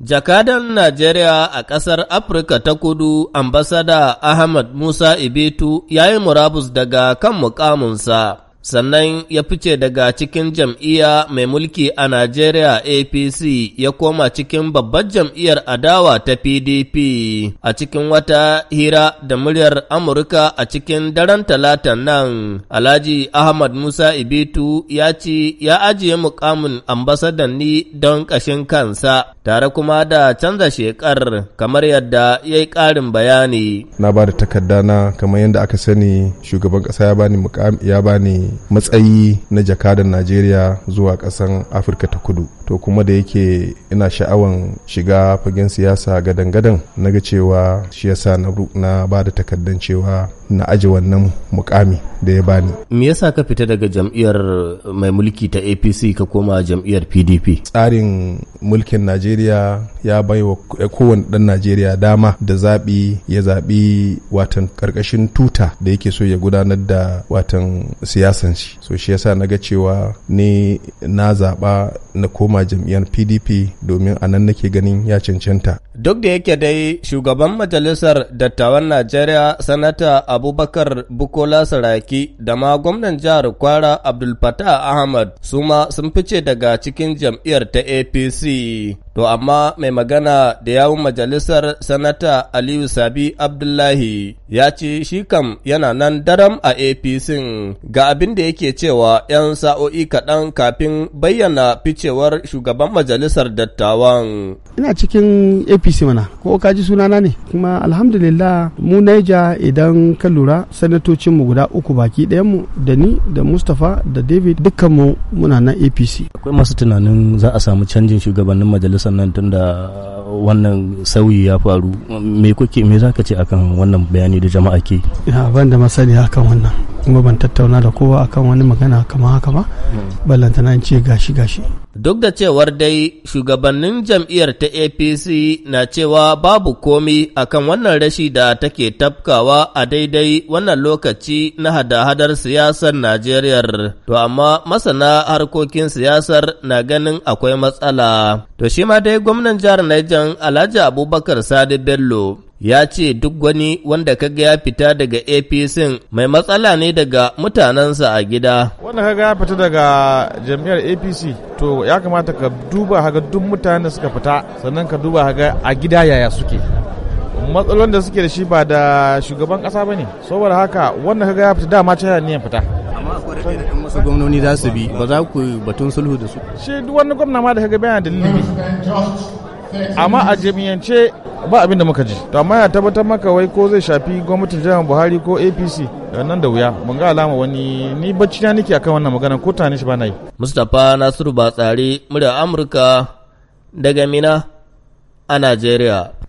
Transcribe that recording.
Jakadan Najeriya a ƙasar Afirka ta kudu, ambasada Ahmad Musa Ibitu ya yi murabus daga kan mukaminsa. sannan ya fice daga cikin jam'iyya mai mulki a Najeriya APC ya koma cikin babbar jam'iyyar adawa ta PDP a cikin wata hira da muryar Amurka a cikin daren talatan nan. Alhaji Ahmad Musa Ibitu ya ce ya ajiye mukamin ambasadan ni don ƙashin kansa tare kuma da canza shekar kamar yadda ya yi ƙarin bayani. Na ba da takardana kamar yadda aka sani shugaban ƙasa ya bani matsayi na jakadan najeriya zuwa kasan afirka ta kudu to kuma da yake ina sha'awan shiga fagen siyasa gadan-gadan na ga cewa shi yasa na ba da takardan cewa na aji wannan mukami da ya bani. Me yasa ka fita daga jam'iyyar mai mulki ta APC ka koma jam'iyyar PDP? Tsarin mulkin Najeriya ya bai wa eh, kowane ɗan Najeriya dama da zaɓi ya zaɓi watan ƙarƙashin tuta da yake so ya gudanar da watan siyasan So shi yasa na ga cewa ni na zaɓa na koma koma jam'iyyar pdp domin a nan nake ganin ya cancanta duk da yake dai shugaban majalisar dattawan najeriya sanata abubakar bukola saraki da ma gwamnan jihar kwara abdul ahmad su sun fice daga cikin jam'iyyar ta apc To amma mai magana da yawun majalisar sanata Aliyu Sabi Abdullahi ya ce shi kam yana nan daram a APC ga abin da yake cewa 'yan sa'o'i kaɗan kafin bayyana ficewar shugaban majalisar dattawan. Ina cikin APC mana, ko kaji sunana ne, kuma alhamdulillah mu Naija idan ka lura sanatocinmu guda uku baki mu da ni da Mustapha da David dukkanmu muna nan APC. Akwai masu tunanin za a samu canjin shugabannin majalisar sannan tunda tun da wannan sauyi ya faru me kuke me zaka ce akan wannan bayani da jama'a ke ina ban da masani akan wannan kuma ban tattauna da kowa akan wani magana kama haka ba hmm. ballantana in ce gashi gashi Duk da cewar dai shugabannin jam'iyyar ta APC na cewa babu komi akan wannan rashi da take tafkawa a daidai wannan lokaci na hada-hadar siyasar Najeriya. To amma masana harkokin siyasar na ganin akwai matsala. To shi ma dai gwamnan jihar Niger Alhaji Abubakar Sadi Bello ya ce duk wani wanda kaga ya fita daga APC mai matsala ne daga mutanensa a gida. Wanda kaga ya fita daga jam'iyyar APC to ya kamata ka duba haga duk mutanen da suka fita sannan ka duba haga a gida yaya suke. Matsalolin da suke da shi ba da shugaban kasa ba ne, saboda haka wanda kaga ya fita dama ta ne ya fita. amma akwai da ɗan masu gwamnoni za su bi ba za ku batun sulhu da su. Shi duk wani gwamna ma da kaga bayan dalili. amma a jami'ance ba abin da muka ji to amma ya tabbatar maka wai ko zai shafi gwamnatin jihar buhari ko apc nan da wuya mun ga alama wani ni bacci na nake akan wannan magana ko tani shi ba na yi mustapha nasiru batsari murya amurka daga mina a najeriya